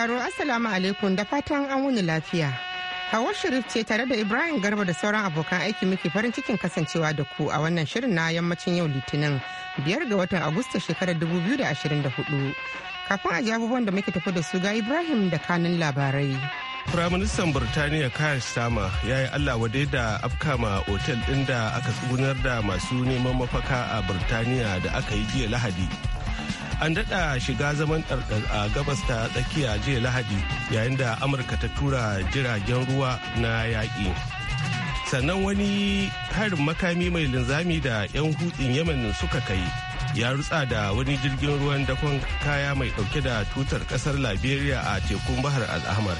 sauraro Assalamu alaikum da fatan an wuni lafiya. Hawar Sharif ce tare da Ibrahim Garba da sauran abokan aiki muke farin cikin kasancewa da ku a wannan shirin na yammacin yau Litinin biyar ga watan Agusta shekarar 2024. Kafin a ji abubuwan da muke tafi da su ga Ibrahim da kanin labarai. Firaministan Birtaniya Kayan sama ya yi Allah wadai da afkama otel ɗin da aka tsugunar da masu neman mafaka a Birtaniya da aka yi jiya Lahadi. an daɗa shiga zaman ɗarɗar a gabas ta tsakiya jiya lahadi yayin da amurka ta tura jiragen ruwa na yaƙi sannan wani harin makami mai linzami da 'yan hutsin yemen suka kai ya rutsa da wani jirgin ruwan dakon kaya mai ɗauke da tutar ƙasar liberia a tekun bahar al'ahmar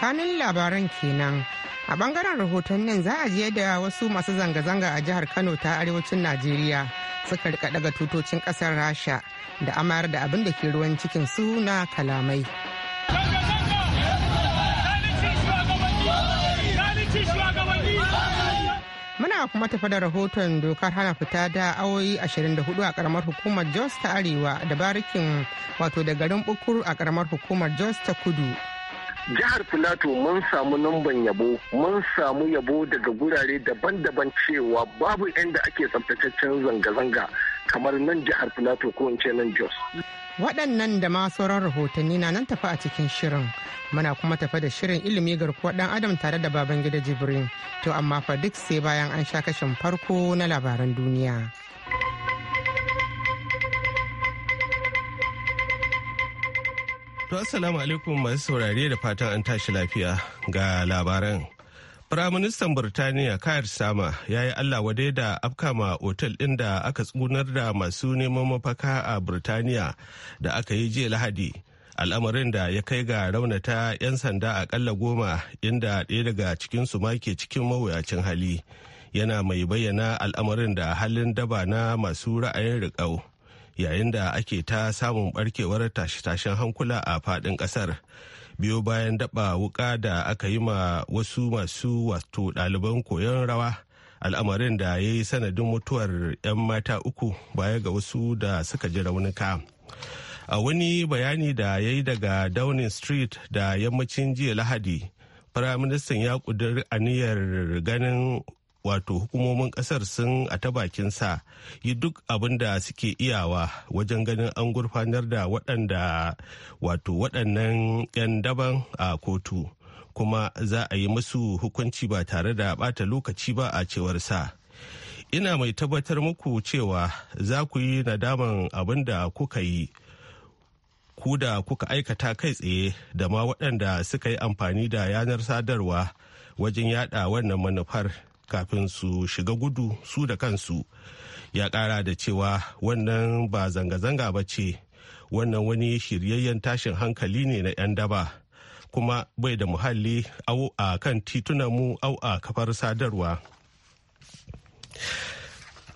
kanun labaran kenan a bangaren rahoton nan za a je da wasu masu zanga-zanga a jihar kano ta arewacin najeriya suka rika daga tutocin kasar rasha da amayar da abin da ke ruwan cikin su na kalamai Muna kuma tafa da rahoton dokar hana fita da awoyi 24 a karamar hukumar Jos ta Arewa da barikin wato da garin bukuru a karamar hukumar Jos ta Kudu. jihar filato mun samu numban yabo mun samu yabo daga gurare daban-daban cewa babu inda ake tsabtataccen zanga-zanga kamar nan jihar filato ko ce nan jos waɗannan da ma sauran rahotanni na nan tafi a cikin shirin muna kuma tafi da shirin ilimi garkuwa dan adam tare da baban gida jibrin to amma fa duk sai bayan an sha kashin farko na labaran duniya To assalamu alaikum masu saurare da fatan an tashi lafiya ga labaran. Firaministan Burtaniya Kayar Sama ya yi Allah wadai da afkama otal ɗin da aka tsunar da masu neman mafaka a Burtaniya da aka yi jiya Lahadi. Al'amarin da ya kai ga raunata 'yan sanda akalla goma inda ɗaya daga cikinsu ma ke cikin mawuyacin hali. Yana mai bayyana al'amarin da halin daba na masu ra'ayin riƙau. yayin da ake ta samun barkewar tashe-tashen hankula a fadin kasar. biyo bayan daɓa wuƙa da aka yi ma wasu masu wato ɗaliban koyon rawa al'amarin da ya yi sanadin mutuwar 'yan mata uku baya ga wasu da suka ji raunuka. a wani bayani da ya yi daga downing street da yammacin jiya lahadi firaministan ya kudur aniyar ganin wato hukumomin kasar sun a ta bakin sa yi duk abin da suke iyawa wajen ganin an gurfanar da waɗanda wato waɗannan 'yan daban a kotu kuma za a yi musu hukunci ba tare da ɓata lokaci ba a cewar sa ina mai tabbatar muku cewa za ku yi nadaman abin da kuka yi ku da kuka aikata kai tsaye da ma waɗanda suka yi amfani da yanar sadarwa wajen yada wannan manufar kafin su shiga gudu su da kansu ya kara da cewa wannan ba zanga-zanga ba ce wannan wani shiryayyen tashin hankali ne na 'yan daba kuma bai da muhalli au a kan titunanmu au a kafar sadarwa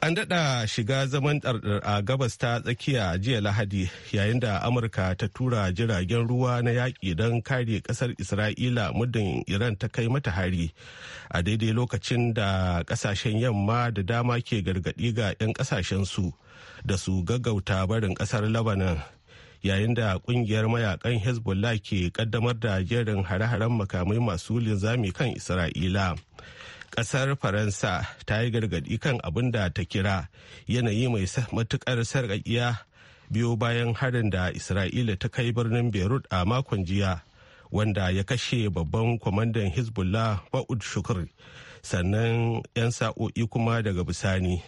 An daɗa shiga zaman ɗarɗar a gabas ta tsakiya jiya Lahadi yayin da Amurka ta tura jiragen ruwa na yaƙi don kare ƙasar Isra'ila muddin Iran ta kai mata hari a daidai lokacin da ƙasashen yamma da dama ke gargaɗi ga 'yan su da su gaggauta barin ƙasar Lebanon. yayin da kungiyar mayakan hezbollah ke kaddamar da jerin hare-haren makamai masu linzami kan isra'ila kasar faransa ta yi gargadi kan abin da ta kira yanayi mai matukar sarƙaƙiya biyu bayan harin da isra'ila ta kai birnin beirut a makon jiya wanda ya kashe babban kwamandan hezbollah ba'ud shukur sannan 'yan sa'o'i kuma daga bisani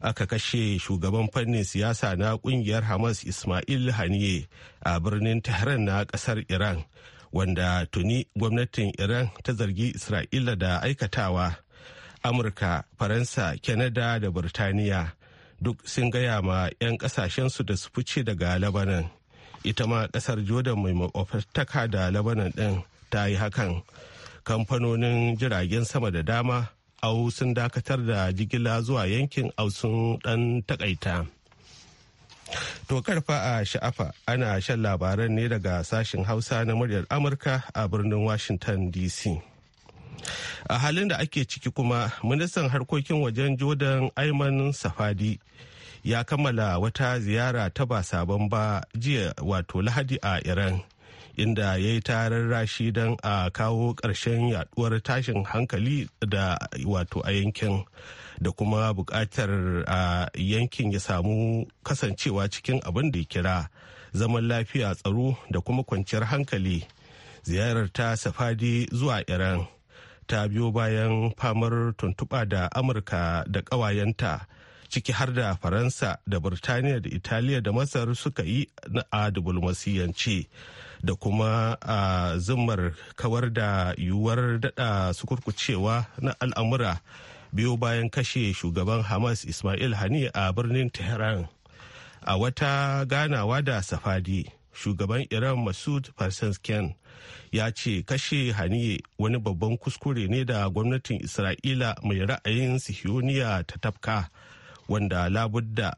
aka kashe shugaban fannin siyasa na kungiyar hamas ismail haniye a birnin tehran na kasar iran wanda tuni gwamnatin iran ta zargi isra'ila da aikatawa amurka faransa canada da burtaniya duk sun gaya ma 'yan kasashensu da su fice daga labanan ita ma kasar jordan mai makwabtaka da labanan din ta yi hakan kamfanonin jiragen sama da dama au sun dakatar da jigila zuwa yankin au sun dan takaita To karfa a sha'afa ana shan labaran ne daga sashen Hausa na muryar Amurka a birnin Washington DC. A halin da ake ciki kuma ministan harkokin wajen Jordan Ayman Safadi ya kammala wata ziyara ta ba sabon ba jiya wato Lahadi a Iran inda ya yi tarar rashi don a kawo ƙarshen yaduwar tashin hankali da wato a yankin da kuma buƙatar a yankin ya samu kasancewa cikin abin da ya kira zaman lafiya tsaro da kuma kwanciyar hankali ziyarar ta safadi zuwa iran ta biyo bayan famar tuntuɓa da amurka da ƙawayenta ciki har da faransa da birtaniya da italiya da masar suka yi na a dubulmasiyance da kuma a zimmar kawar da yiwuwar dada sukurkucewa na al'amura biyo bayan kashe shugaban hamas ismail hani a birnin tehran a wata ganawa da safadi shugaban iran masud farsansken ya ce kashe haniye wani babban kuskure ne da gwamnatin isra'ila mai ra'ayin sihiyoniya ta tafka wanda labudda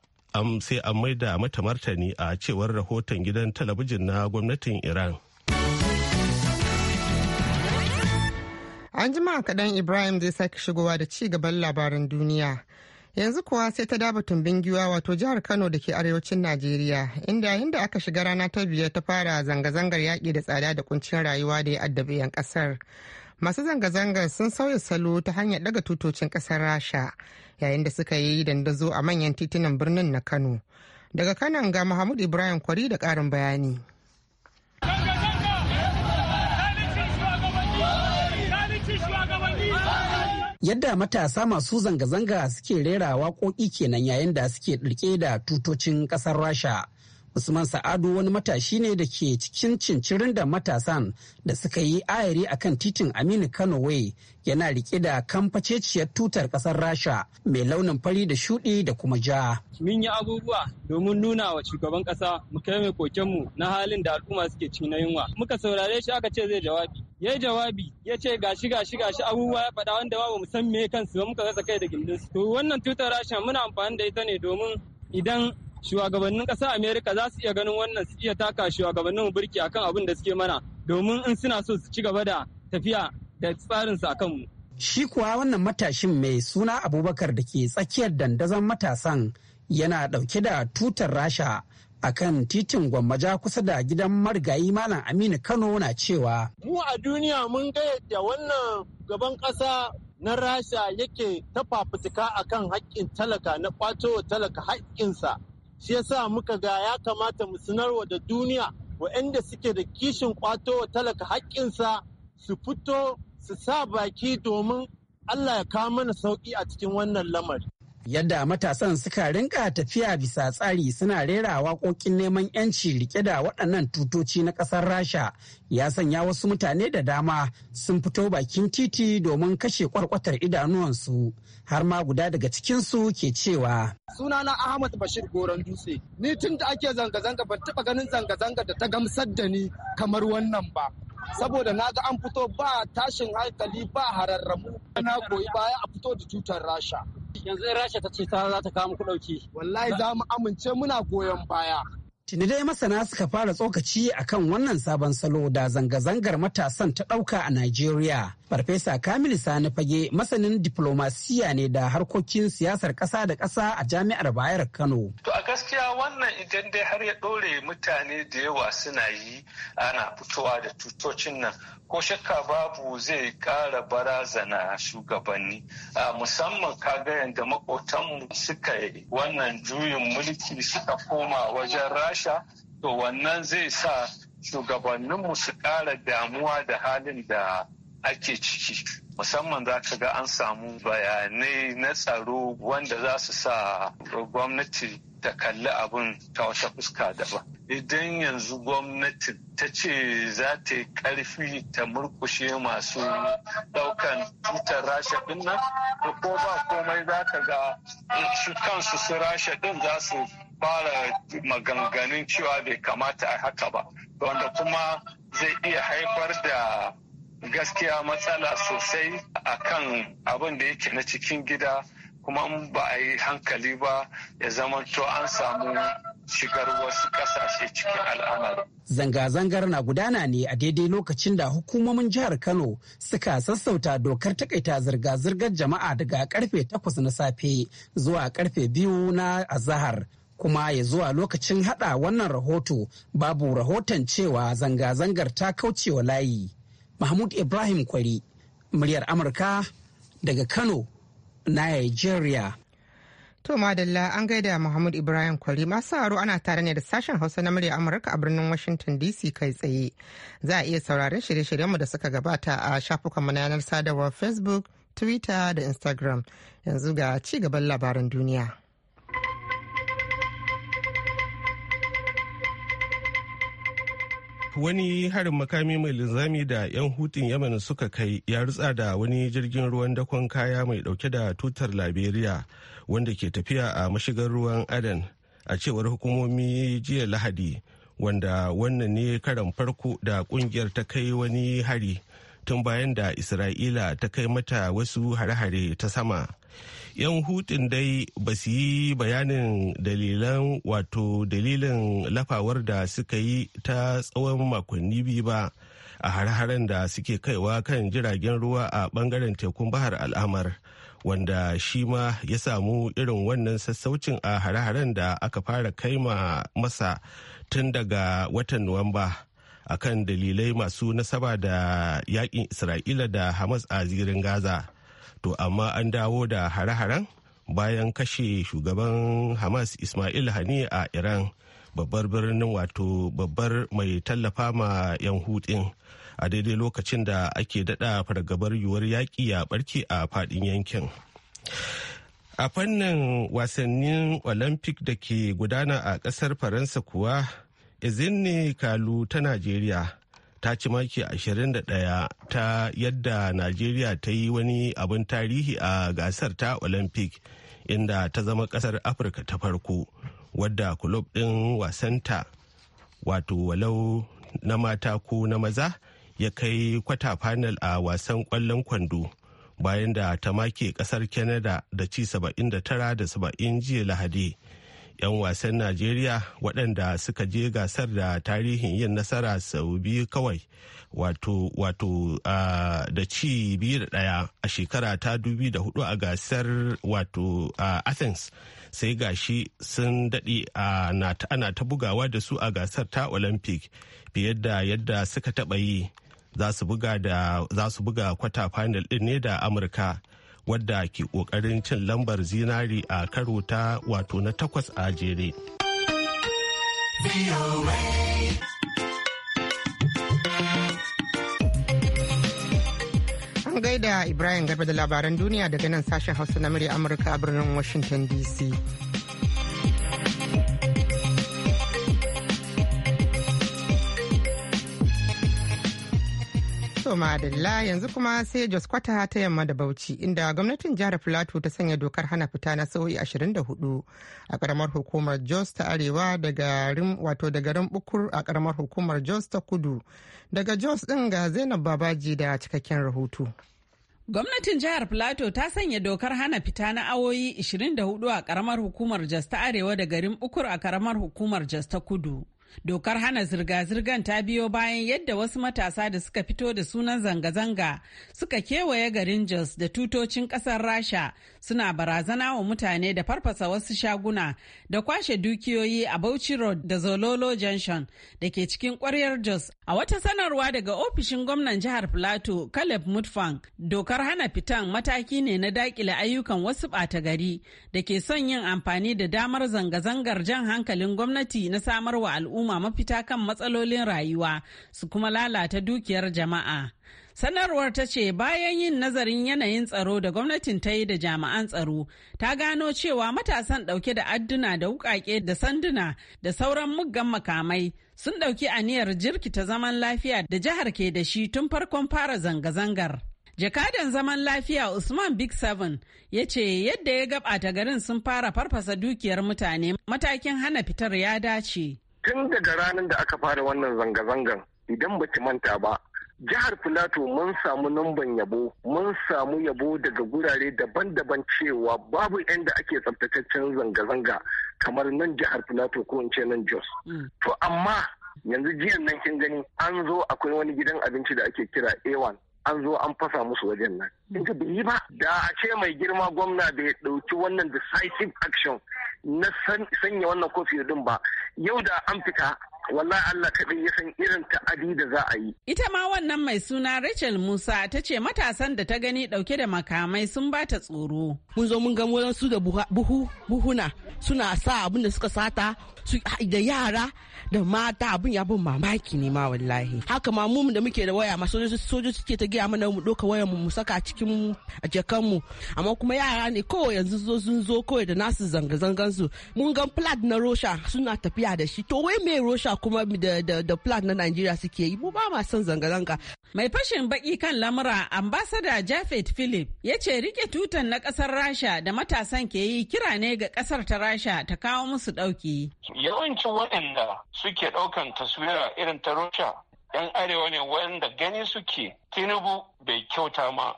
sai an maida mata martani a cewar rahoton gidan talabijin na gwamnatin iran an jima kaɗan ibrahim zai sake shigowa da ci gaban labaran duniya yanzu kuwa sai ta daba tumbin giwa wato jihar kano da ke arewacin najeriya inda yayin da aka shiga rana ta biyar ta fara zanga-zangar yaƙi da tsada da kuncin rayuwa da ya addabi 'yan ƙasar masu zanga zanga sun sauya salo ta hanyar daga tutocin kasar rasha yayin da suka yi dandazo a manyan titunan birnin na kano daga kanan ga mahmud ibrahim kwari da karin bayani yadda matasa masu zanga-zanga suke rera waƙoƙi kenan yayin da suke ɗirke da tutocin ƙasar rasha Usman Sa'adu wani matashi ne da ke cikin cincirin da matasan da suka yi ayari a kan titin Aminu Kano Way yana rike da kamfaceciyar tutar kasar Rasha mai launin fari da shuɗi da kuma ja. Mun yi abubuwa domin nuna wa shugaban ƙasa mu kai mai kokenmu na halin da al'umma suke ciki na yunwa. Muka saurare shi aka ce zai jawabi. Ya yi jawabi ya ce gashi gashi gashi abubuwa ya faɗa wanda ba mu san me kansu ba muka rasa kai da gindinsu. To wannan tutar Rasha muna amfani da ita ne domin idan shugabannin ƙasar amerika za su iya ganin wannan su iya taka shugabannin burki akan abin da suke mana domin in suna so su ci gaba da tafiya da tsarin su akan mu shi kuwa wannan matashin mai suna abubakar da ke tsakiyar dandazon matasan yana ɗauke da tutar rasha a kan titin gwammaja kusa da gidan marigayi malam aminu kano na cewa mu a duniya mun ga yadda wannan gaban ƙasa na rasha yake ta fafutuka akan haƙƙin talaka na ƙwato talaka haƙƙinsa shi yasa muka ga ya kamata mu sanarwa da duniya waɗanda suke da kishin kwato wa talaka haƙƙinsa su fito su sa baki domin Allah ya kawo mana sauƙi a cikin wannan lamari. yadda matasan suka rinka tafiya bisa tsari suna rera waƙoƙin neman yanci rike da waɗannan tutoci na ƙasar rasha ya sanya wasu mutane da dama sun fito bakin titi domin kashe kwarkwatar idanuwansu har ma guda daga cikinsu ke cewa sunana ahmad bashir goron dutse ni tun da ake zanga-zanga ban taɓa ganin zanga-zanga da ta gamsar da ni kamar wannan ba saboda na ga an fito ba tashin hankali ba hararramu na koyi baya a fito da tutar rasha yanzu rasha ta ce ta za ta kama dauki wallahi za mu amince muna goyon baya Tuni dai masana suka fara tsokaci akan wannan sabon salo da zanga-zangar matasan ta ɗauka a Najeriya Farfesa Kamil Sani Fage masanin diplomasiya ne da harkokin siyasar ƙasa da ƙasa a jami'ar Bayar Kano. To a gaskiya wannan idan dai har ya ɗore mutane da yawa suna yi ana fitowa da tutocin nan ko shakka babu zai ƙara barazana shugabanni. Musamman kaga yanda maƙotanmu suka yi wannan juyin mulki suka koma wajen rasha to wannan zai sa shugabanninmu su ƙara damuwa da halin da ake ciki musamman za ka ga an samu bayanai na tsaro wanda za su sa gwamnati ta kalli abin ta wata fuska daban idan yanzu gwamnati ta ce za ta yi karfi ta murkushe masu daukan tutar rasha din nan ko ba komai za ka ga su kansu su rasha din za su fara maganganun cewa bai kamata a haka ba wanda kuma zai iya haifar da gaskiya matsala sosai a kan abin da yake na cikin gida kuma ba a yi hankali ba ya zama to an samu shigar wasu kasashe cikin al'amari. Zanga-zangar na gudana ne a daidai lokacin da hukumomin jihar Kano suka sassauta dokar takaita zirga-zirgar jama'a daga karfe takwas na safe zuwa karfe biyu na azahar. kuma ya zuwa lokacin hada wannan rahoto babu rahoton cewa zanga-zangar ta kauce wa layi. Mahmud Ibrahim Kwari, muryar Amurka daga Kano, Nigeria. To Madalla an gaida Muhammad Ibrahim Kwari masu haro ana tare ne da sashen Hausa na murya Amurka a birnin Washington DC kai tsaye. Za a iya sauraron shirye-shiryenmu da suka gabata a shafukan na yanar sadarwar Facebook, Twitter da Instagram. Yanzu ga ci gaban labaran duniya. wani harin makami mai linzami da 'yan hutun Yamani suka kai ya rutsa da wani jirgin ruwan dakon kaya mai dauke da tutar liberia wanda ke tafiya a mashigar ruwan aden a cewar hukumomi jiya lahadi wanda wannan ne karan farko da kungiyar ta kai wani hari tun bayan da isra'ila ta kai mata wasu hare-hare ta sama yan hutun dai ba su yi bayanin dalilan wato dalilin lafawar da suka yi ta tsawon makonni biyu ba a hare-haren da suke kaiwa kan jiragen ruwa a bangaren tekun bahar al'amar wanda shi ma ya samu irin wannan sassaucin a hare-haren da aka fara kaima masa tun daga watan nuwamba akan dalilai masu nasaba da yakin isra'ila da hamas a zirin gaza to amma an dawo da hare-haren bayan kashe shugaban hamas ismail hani a iran babbar birnin wato babbar mai tallafa ma 'yan hutun a daidai lokacin da ake dada fargabar yiwuwar yaƙi ya barke a faɗin yankin a fannin wasannin olympic da ke gudana a ƙasar faransa kuwa izini Kalu ta Najeriya ta ci maki 21 ta yadda Najeriya ta yi wani abin tarihi a gasar ta Olympic inda ta zama kasar Afirka ta farko wadda kulob ɗin wasanta wato walau na mata ko na maza ya kai kwata final a wasan kwallon kwando bayan da ta make kasar Canada da ci 79 da 70 jiya Lahadi. 'yan wasan najeriya waɗanda suka je gasar da tarihin yin nasara sau biyu kawai wato wato da ci biyu da ɗaya a shekara ta dubi da hudu a gasar wato athens sai gashi sun daɗe ana ta bugawa da su a gasar ta olympic fiye da yadda suka taɓa yi za su buga kwata final ɗin ne da amurka wadda ke kokarin cin lambar zinari a karo ta wato na takwas a jere. An gaida Ibrahim gaba da labaran duniya daga nan sashen Hausa na murya Amurka a birnin Washington DC. da madalla yanzu kuma sai Jos Kwata ta yamma da Bauchi inda gwamnatin jihar Filato ta sanya dokar hana fita na sa'o'i 24 a karamar hukumar Jos ta Arewa daga rim wato da garin Bukur a karamar hukumar Jos ta Kudu. Daga Jos din ga Zainab Babaji da cikakken rahoto. Gwamnatin jihar Plateau ta sanya dokar hana fita na awoyi 24 a karamar hukumar Jos ta Arewa da garin Bukur a karamar hukumar Jos ta Kudu. Dokar hana zirga-zirgar ta biyo bayan yadda wasu matasa da suka fito da sunan zanga-zanga suka kewaye garin Jos da tutocin ƙasar Rasha suna barazana wa mutane da farfasa wasu shaguna da kwashe dukiyoyi a Bauchi Road da Zololo Junction da ke cikin ƙwaryar Jos. A wata sanarwa daga ofishin gwamnan jihar Plateau, Caleb Mutfang, dokar hana fitan mataki ne na dakile ayyukan wasu ɓata gari da ke son yin amfani da damar zanga-zangar jan hankalin gwamnati na samarwa al'umma al'umma mafita kan matsalolin rayuwa su kuma lalata dukiyar jama'a. Sanarwar ta ce bayan yin nazarin yanayin tsaro da gwamnatin ta yi da jami'an tsaro, ta gano cewa matasan ɗauke da adduna da wukake da sanduna da sauran muggan makamai sun ɗauki aniyar jirkita zaman lafiya da jihar ke da shi tun farkon fara zanga-zangar. Jakadan zaman lafiya Usman Big Seven ya ce yadda ya gabata garin sun fara farfasa dukiyar mutane matakin hana fitar ya dace. tun daga ranar da aka fara wannan zanga-zangan idan baki manta ba jihar filato mun samu numban yabo mun samu yabo daga gurare daban-daban cewa babu inda ake tsabtataccen zanga-zanga kamar nan jihar filato ko in nan jos mm. to amma yanzu jiyan nan kin gani an zo akwai wani gidan abinci da ake kira a1 an zo an fasa musu wajen nan. Hmm. In ka bai yi ba, da a ce mai girma gwamna bai ɗauki wannan decisive action na sanya wannan kofi ɗin ba, yau da an fita wallahi Allah kaɗai ya san irin ta'adi da za a yi. Ita ma wannan mai suna Rachel Musa ta ce matasan da ta gani ɗauke da makamai sun ba ta tsoro. Mun zo mun ga su da buhu buhuna suna sa abin da suka sata su da yara da mata abin ya bin mamaki ne ma wallahi haka ma mu da muke da waya ma sojoji suke ta gaya mana mu ɗauka wayar mu saka cikin jakan mu amma kuma yara ne kawai yanzu zo sun zo kawai da nasu zanga zangan su mun ga plat na rosha suna tafiya da shi to wai me rosha da kuma da plan na Najeriya suke yi mu ba ma son zanga-zanga. Mai fashin baki kan lamura ambasada Jafet Philip ya ce rike tutan na kasar Rasha da matasan ke yi kira ne ga kasar ta Rasha ta kawo musu dauki. Yawancin waɗanda suke ɗaukan taswira irin ta Rasha 'yan arewa ne wanda gani suke Tinubu bai kyauta ma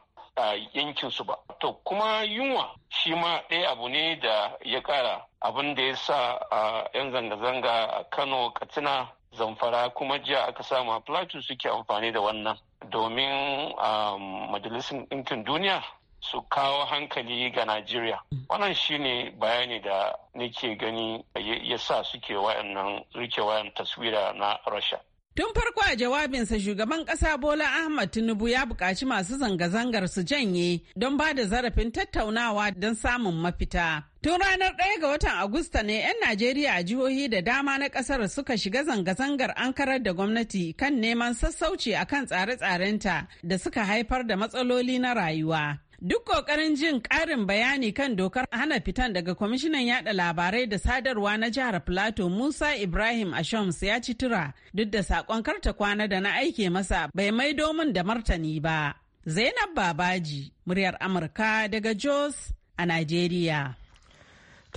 yankin su ba to kuma yunwa shi ma ɗaya abu ne da ya kara abin da ya sa a 'yan zanga-zanga a kano katsina zamfara kuma jiya aka samu a plateau suke amfani da wannan domin a majalisar ɗinkin duniya su kawo hankali ga Najeriya. Wannan shi ne bayani da nake gani ya sa suke wannan rike wayan taswira na Rasha. Tun farko a jawabinsa shugaban ƙasa Bola Ahmad Tinubu ya buƙaci masu zanga-zangar su janye don ba da zarafin tattaunawa don samun mafita. Tun ranar ɗaya ga watan Agusta ne 'yan Najeriya a jihohi da dama na ƙasar suka shiga zanga-zangar ankarar da gwamnati kan neman sassauci akan tsare-tsarenta da suka haifar da matsaloli na rayuwa. Duk ƙoƙarin jin ƙarin bayani kan dokar hana fitan daga kwamishinan yada labarai da sadarwa na jihar Filato Musa Ibrahim Ashams ya ci tura duk da saƙon karta kwana da na aike masa bai mai domin da martani ba. Zainab Babaji, muryar Amurka daga Jos a Najeriya.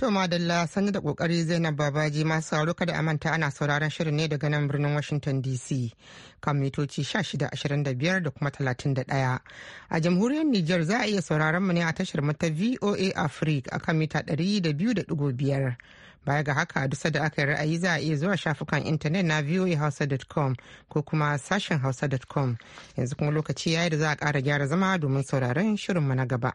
To Madalla sanar da kokari Zainab Babaji masu sauro kada a manta ana sauraron shirin ne daga nan birnin Washington DC kan mitoci 1625 da kuma 31. A jamhuriyar Nijar za a iya sauraron mu ne a tashar mata VOA Africa akan mita 200.5. Baya ga haka dusa da aka yi ra'ayi za a iya zuwa shafukan intanet na voahausa.com ko kuma sashen hausa.com yanzu kuma lokaci ya yi da za a kara gyara zama domin sauraron mu na gaba.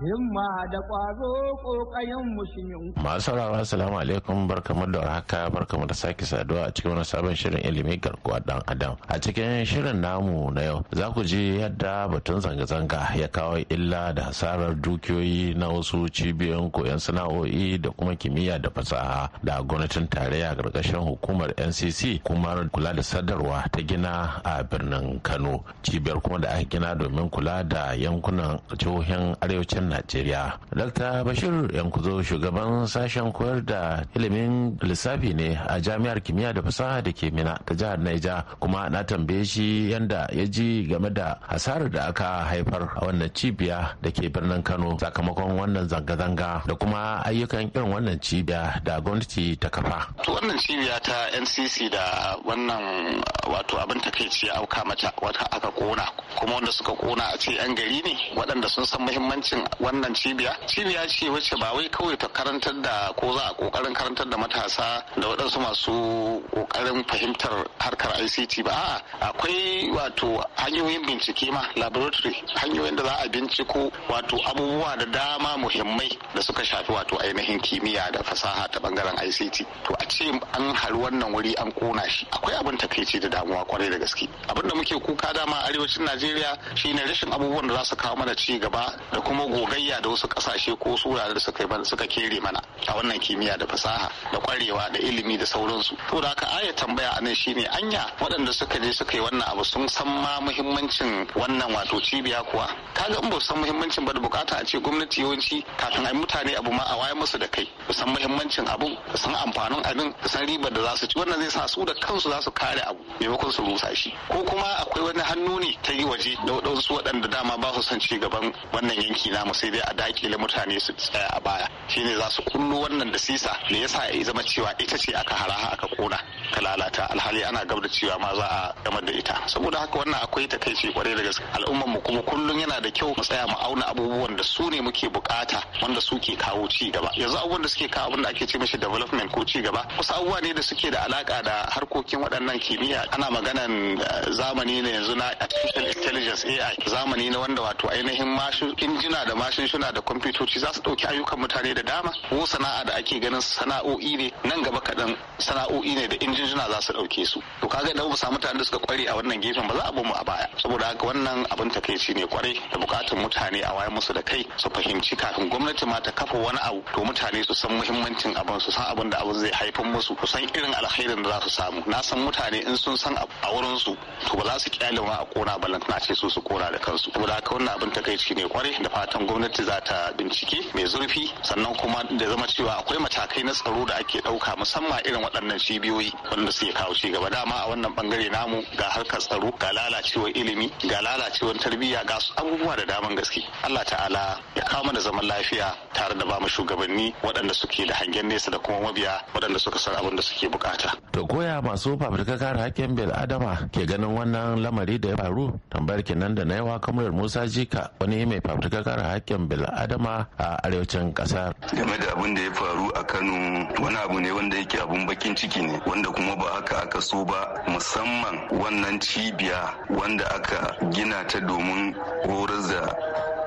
himma da ƙwazo ƙoƙayen mushinin. Masu saurara salamu alaikum barkamu da haka barkamu da sake saduwa a cikin wani sabon shirin ilimi garkuwa dan adam. A cikin shirin namu na yau za ku ji yadda batun zanga-zanga ya kawo illa da hasarar dukiyoyi na wasu cibiyoyin koyon sana'o'i da kuma kimiyya da fasaha da gwamnatin tarayya ƙarƙashin hukumar NCC kuma kula da sadarwa ta gina a birnin Kano. Cibiyar kuma da aka gina domin kula da yankunan jihohin arewacin najeriya dakta bashir yankuzo shugaban sashen koyar da ilimin lissafi ne a jami'ar kimiyya da fasaha da ke mina ta jihar naija kuma na tambaye shi yanda ya ji game da hasarar da aka haifar a wannan cibiya da ke birnin kano sakamakon wannan zanga-zanga da kuma ayyukan irin wannan cibiya da gwamnati ta kafa wannan cibiya ta ncc da wannan wato abin takaici ya auka mata wata aka kona kuma wanda suka kona a ce yan gari ne waɗanda sun san muhimmancin wannan cibiya cibiya ce wacce ba wai kawai ta karantar da ko za a kokarin karantar da matasa da waɗansu masu kokarin fahimtar harkar ICT ba a'a akwai wato hanyoyin bincike ma laboratory hanyoyin da za a binciko wato abubuwa da dama muhimmai da suka shafi wato ainihin kimiyya da fasaha ta bangaren ICT to a ce an hari wannan wuri an kona shi akwai abin takaici da damuwa kwarai da gaske abin da muke kuka dama arewacin Najeriya shine rashin abubuwan da za su kawo mana ci gaba da kuma gobe gogayya da wasu kasashe ko surare da suka suka kere mana a wannan kimiyya da fasaha da kwarewa da ilimi da sauransu to da aka aya tambaya anan shine anya waɗanda suka je suka yi wannan abu sun san ma muhimmancin wannan wato cibiya kuwa kaga in ba san muhimmancin ba da bukata a ce gwamnati yawanci kafin ai mutane abu ma a waye musu da kai su san muhimmancin abun su san amfanin abin su san ribar da za su ci wannan zai sa su da kansu za su kare abu maimakon su rusa shi ko kuma akwai wani hannu ne ta yi waje da waɗansu waɗanda dama ba su son ci gaban wannan yanki namu sai dai a dakile mutane su tsaya a baya shine za su kullo wannan da sisa ne yasa ya zama cewa ita ce aka haraha aka kona Ka lalata alhali ana gab da cewa ma za a gamar da ita saboda haka wannan akwai takaici kwarai da gaske al'ummar mu kuma kullum yana da kyau mu tsaya mu auna abubuwan da su ne muke bukata wanda su ke kawo ci gaba yanzu abubuwan da suke kawo abin da ake ce mishi development ko ci gaba wasu abubuwa ne da suke da alaka da harkokin waɗannan kimiyya ana maganan eh, zamani ne yanzu na artificial intelligence AI zamani ne wanda wato ainihin mashu injina da mashin suna da kwamfutoci za su ɗauki ayyukan mutane da dama ko sana'a da ake ganin sana'o'i ne nan gaba kaɗan sana'o'i ne da injinjina za su ɗauke su to kaga idan ba samu mutane da suka kware a wannan gefen ba za a mu a baya saboda haka wannan abin takaici ne kwarai da bukatun mutane a waye musu da kai su fahimci kafin gwamnati ma ta kafa wani abu to mutane su san muhimmancin abin su san abin da abin zai haifar musu su san irin alkhairin da za su samu na san mutane in sun san a wurin su to ba za su kyale ma a kona balantana ce su su kona da kansu saboda haka wannan abin takaici ne da fatan gwamnati za ta bincike mai zurfi sannan kuma da zama cewa akwai matakai na tsaro da ake ɗauka musamman irin waɗannan cibiyoyi wanda suke kawo ci gaba dama a wannan bangare namu ga harkar tsaro ga lalacewar ilimi ga lalacewar tarbiyya ga su abubuwa da daman gaske Allah ta'ala ya kama da zaman lafiya tare da bamu shugabanni waɗanda suke da hangen nesa da kuma mabiya waɗanda suka san abin da suke bukata. To koya masu fafutuka kare hakkin bil adama ke ganin wannan lamari da ya faru tambayar kenan da na yawa kamar Musa Jika wani mai fafutuka kare haƙƙin bil'adama a arewacin kasar. Game da abin da ya faru a Kano wani abu ne wanda yake abun bakin ciki ne wanda kuma ba haka aka so ba musamman wannan cibiya wanda aka gina ta domin horar da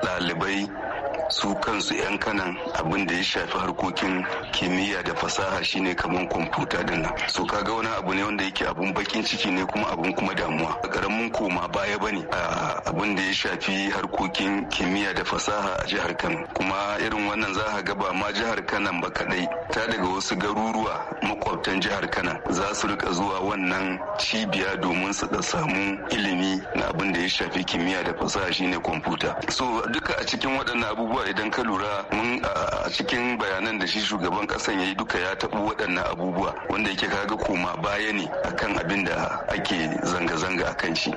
ɗalibai su kansu 'yan kanan abin da ya shafi harkokin kimiyya da fasaha shine kamar kwamfuta din nan so kaga wani abu ne wanda yake abun bakin ciki ne kuma abun kuma damuwa karamin koma baya bane a abin da ya shafi harkokin kimiyya da fasaha a jihar kano kuma irin wannan za ga ba ma jihar kano ba kadai ta daga wasu garuruwa makwabtan jihar kano za su rika zuwa wannan cibiya domin su da samu ilimi na abin da ya shafi kimiyya da fasaha shine kwamfuta so duka a cikin waɗannan abubuwa yawa idan ka lura mun a cikin bayanan da shi shugaban kasan ya yi duka ya taɓo waɗannan abubuwa wanda yake kaga koma baya ne akan abin da ake zanga-zanga a kan shi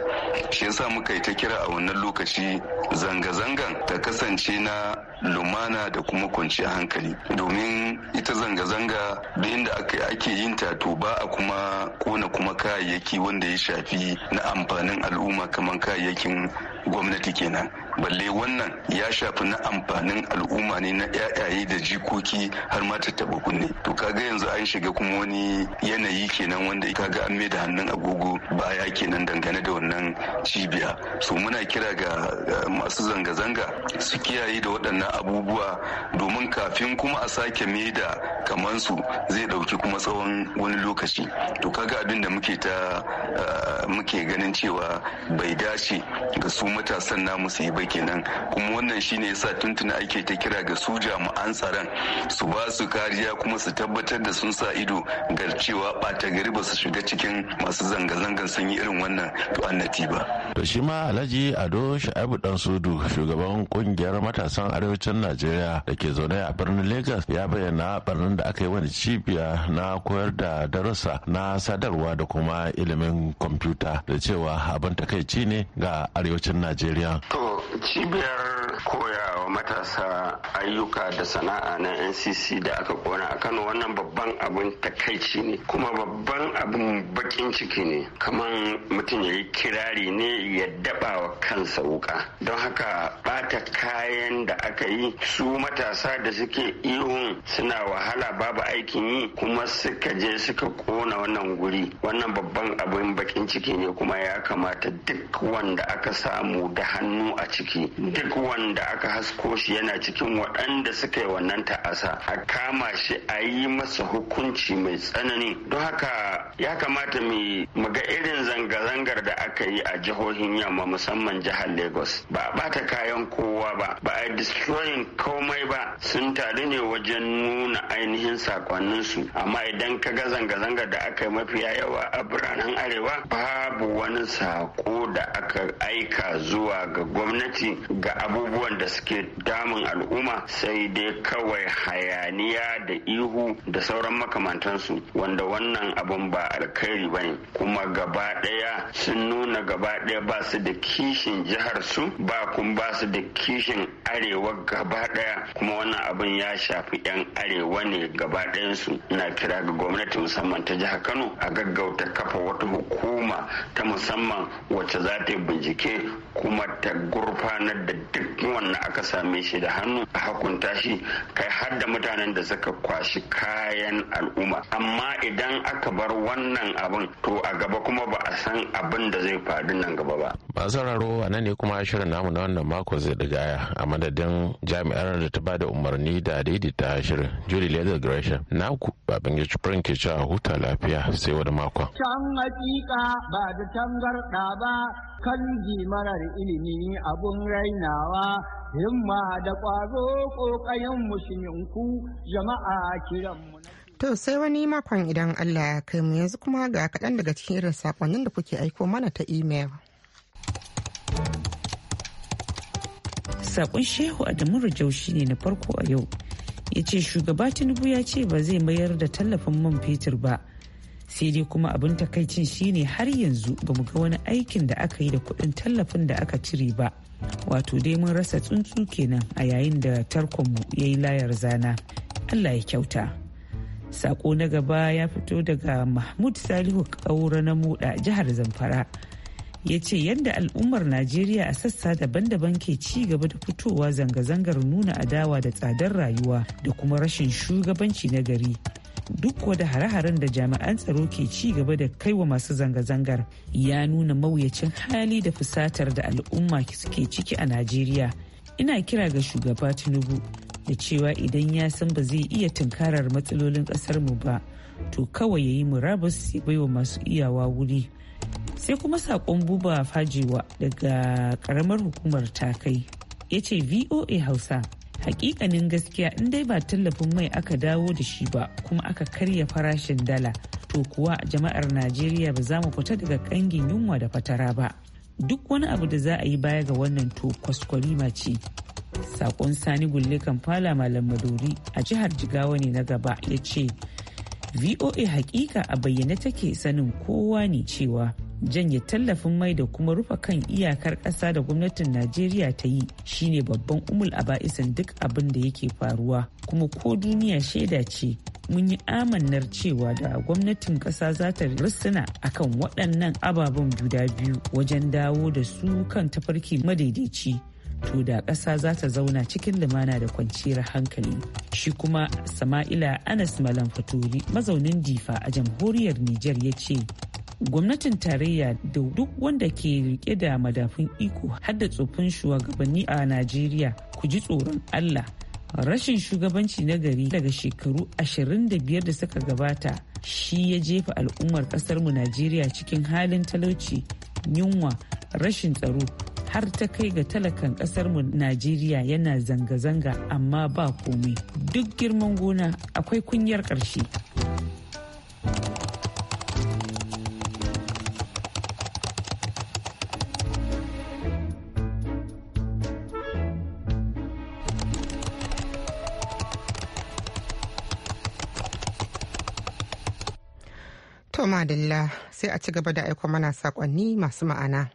shi yasa muka yi ta kira a wannan lokaci zanga-zangan ta kasance na lumana da kuma kwanciyar hankali domin ita zanga-zanga da inda ake yin ta to ba a kuma kona kuma kayayyaki wanda ya shafi na amfanin al'umma kamar kayayyakin gwamnati kenan balle wannan ya shafi na amfanin al'umma ne na yayaye da jikoki har ma taba kunne to kaga yanzu an shiga kuma wani yanayi kenan wanda kaga an mai da hannun agogo baya kenan dangane da wannan cibiya so muna kira ga masu zanga-zanga su kiyaye da waɗannan abubuwa domin kafin kuma a sake mai da su zai ɗauki kuma tsawon wani lokaci to kaga abin da muke ta eh, muke ganin cewa bai dace ga su matasan namu su yi ba kenan kuma wannan shine yasa tuntuna ake ta kira ga su jami'an tsaron su ba su kariya kuma su tabbatar da sun sa ido ga cewa bata gari ba su shiga cikin masu zanga-zangar sun yi irin wannan annati ba. To shi ma Alhaji Ado sha'abu Dan Sudu shugaban kungiyar matasan arewacin Najeriya da ke zaune a birnin Lagos ya bayyana barnin da aka yi wani cibiya na koyar da darussa na sadarwa da kuma ilimin kwamfuta da cewa abin takaici ne ga arewacin najeriya to cibiyar koya matasa ayyuka da sana'a na ncc da aka kona a kano wannan babban abin takaici ne kuma babban abin bakin ciki ne kamar mutum ya yi kirari ne ya daba wa kansa wuka don haka bata kayan da aka yi su matasa da suke ihun suna wahala babu aikin yi kuma suka je suka kona wannan guri wannan babban abin bakin ciki ne kuma ya kamata duk wanda aka samu da hannu a ciki duk wanda aka hasko ko shi yana cikin waɗanda suka yi wannan ta'asa a kama shi a yi masa hukunci mai tsanani don haka ya kamata mu muga irin zanga-zangar da aka yi a jihohin yamma musamman jihar lagos ba a bata kayan kowa ba ba a destroying komai ba sun taru ne wajen nuna ainihin su amma idan ka ga zanga-zangar da aka yi mafi yawa a biranen arewa babu wani sako da aka aika zuwa ga gwamnati ga abubuwan da suke damun al'umma sai dai kawai hayaniya da ihu da sauran makamantansu wanda wannan abun ba alkhairi ba ne kuma gaba ɗaya sun nuna gaba ɗaya ba su da kishin jihar su ba kun ba su da kishin arewa gaba ɗaya kuma wannan abin ya shafi 'yan arewa ne gaba ɗayansu na kira ga gwamnati musamman ta jihar kano a gaggauta kafa wata hukuma ta musamman wacce za ta yi bincike kuma ta gurfanar da duk wannan akasa same shi da hannu a hakunta shi kai har da mutanen da suka kwashi kayan al'umma amma idan aka bar wannan abin to a gaba kuma ba a san abin da zai faru nan gaba ba ba sauraro a ne kuma shirin namu na wannan mako zai digaya a madadin jami'ar da ta bada umarni da daidaita shirin julie leather gresham na ku babin ya ke cewa huta lafiya sai wani makon can hakika ba da tangarda ba kan ji marar ilimi abun rainawa himma da ƙwazo ƙoƙayen musulminku jama'a kiranmu To sai wani makon idan Allah ya kai mu yanzu kuma ga kaɗan daga cikin irin sakonnin da kuke aiko mana ta imel. saƙon Shehu Adamu Rajau ne na farko a yau. Ya ce shugaba Tinubu ya ce ba zai mayar da tallafin man fetur ba. Sai dai kuma abin takaicin shine har yanzu ba mu ga wani aikin da aka yi da kuɗin tallafin da aka cire ba. wato dai mun rasa tsuntsu kenan a yayin da tarkonmu ya yi layar zana allah ya kyauta sako na gaba ya fito daga mahmud salihu kaura na moda jihar zamfara ya ce yadda al'ummar najeriya a sassa daban-daban ke ci gaba da fitowa zanga-zangar nuna adawa da tsadar rayuwa da kuma rashin shugabanci na gari duk da hare-haren da jami'an tsaro ke ci gaba da kaiwa masu zanga-zangar ya nuna mawuyacin hali da fusatar da al'umma suke ciki a najeriya ina kira ga shugaba tinubu da cewa idan ya san ba zai iya tunkarar matsalolin mu ba to kawai ya yi murabus ya baiwa masu iyawa wuri sai kuma saƙon buba fajewa daga karamar hukumar ta-kai. ya ce voa hausa hakikanin gaskiya in dai ba tallafin mai aka dawo da shi ba kuma aka karya farashin dala to kuwa jama'ar najeriya ba za mu fita daga kangin yunwa da fatara ba duk wani abu da za a yi baya ga wannan to kwaskwarima ce sakon sani gulle kamfala malam madori a jihar jigawa ne na gaba ya ce voa hakika a bayyane take sanin kowa ne cewa janye tallafin mai da kuma rufe kan iyakar ƙasa da gwamnatin najeriya ta yi shine babban umul a ba'isan duk abin da yake faruwa kuma ko duniya shaida ce mun yi amannar cewa da gwamnatin ƙasa za ta rissuna akan waɗannan ababen guda biyu wajen dawo da su kan tafarki madaidaici to da ƙasa za ta zauna cikin lumana da kwanciyar hankali shi kuma sama'ila anas malam fatori mazaunin difa a jamhuriyar nijar ya ce gwamnatin tarayya da duk wanda ke rike da madafun iko har da tsofin shugabanni a najeriya ku ji tsoron allah rashin shugabanci na gari daga shekaru 25 da suka gabata shi ya jefa al'ummar kasarmu najeriya cikin halin talauci yunwa rashin tsaro har ta kai ga talakan kasarmu najeriya yana zanga-zanga amma ba komai duk girman gona akwai kunyar ƙarshe. madalla sai a ci gaba da aiko mana sakonni masu ma'ana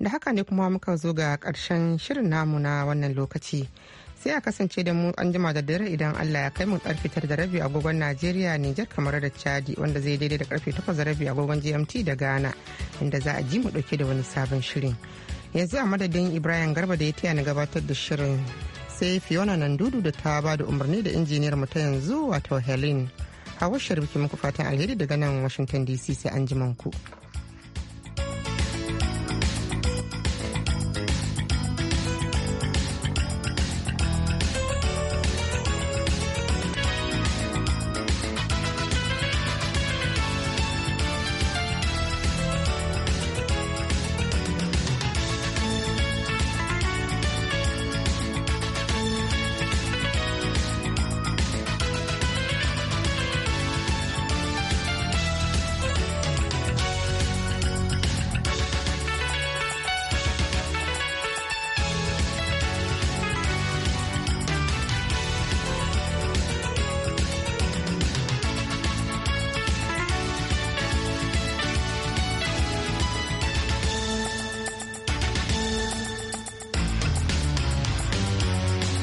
da haka ne kuma muka zo ga karshen shirin namu na wannan lokaci sai a kasance da mu an jima da dare idan allah ya kai mu karfe tara da rabi agogon najeriya nijar kamar da chadi wanda zai daidai da karfe takwas da rabi agogon gmt da ghana inda za a ji mu dauke da wani sabon shirin yanzu a madadin ibrahim garba da ya taya na gabatar da shirin sai fiona nan da ta ba da umarni da injiniyar mu ta yanzu wato helen a washe muke muku fatan alheri daga nan washington dc sai an ku.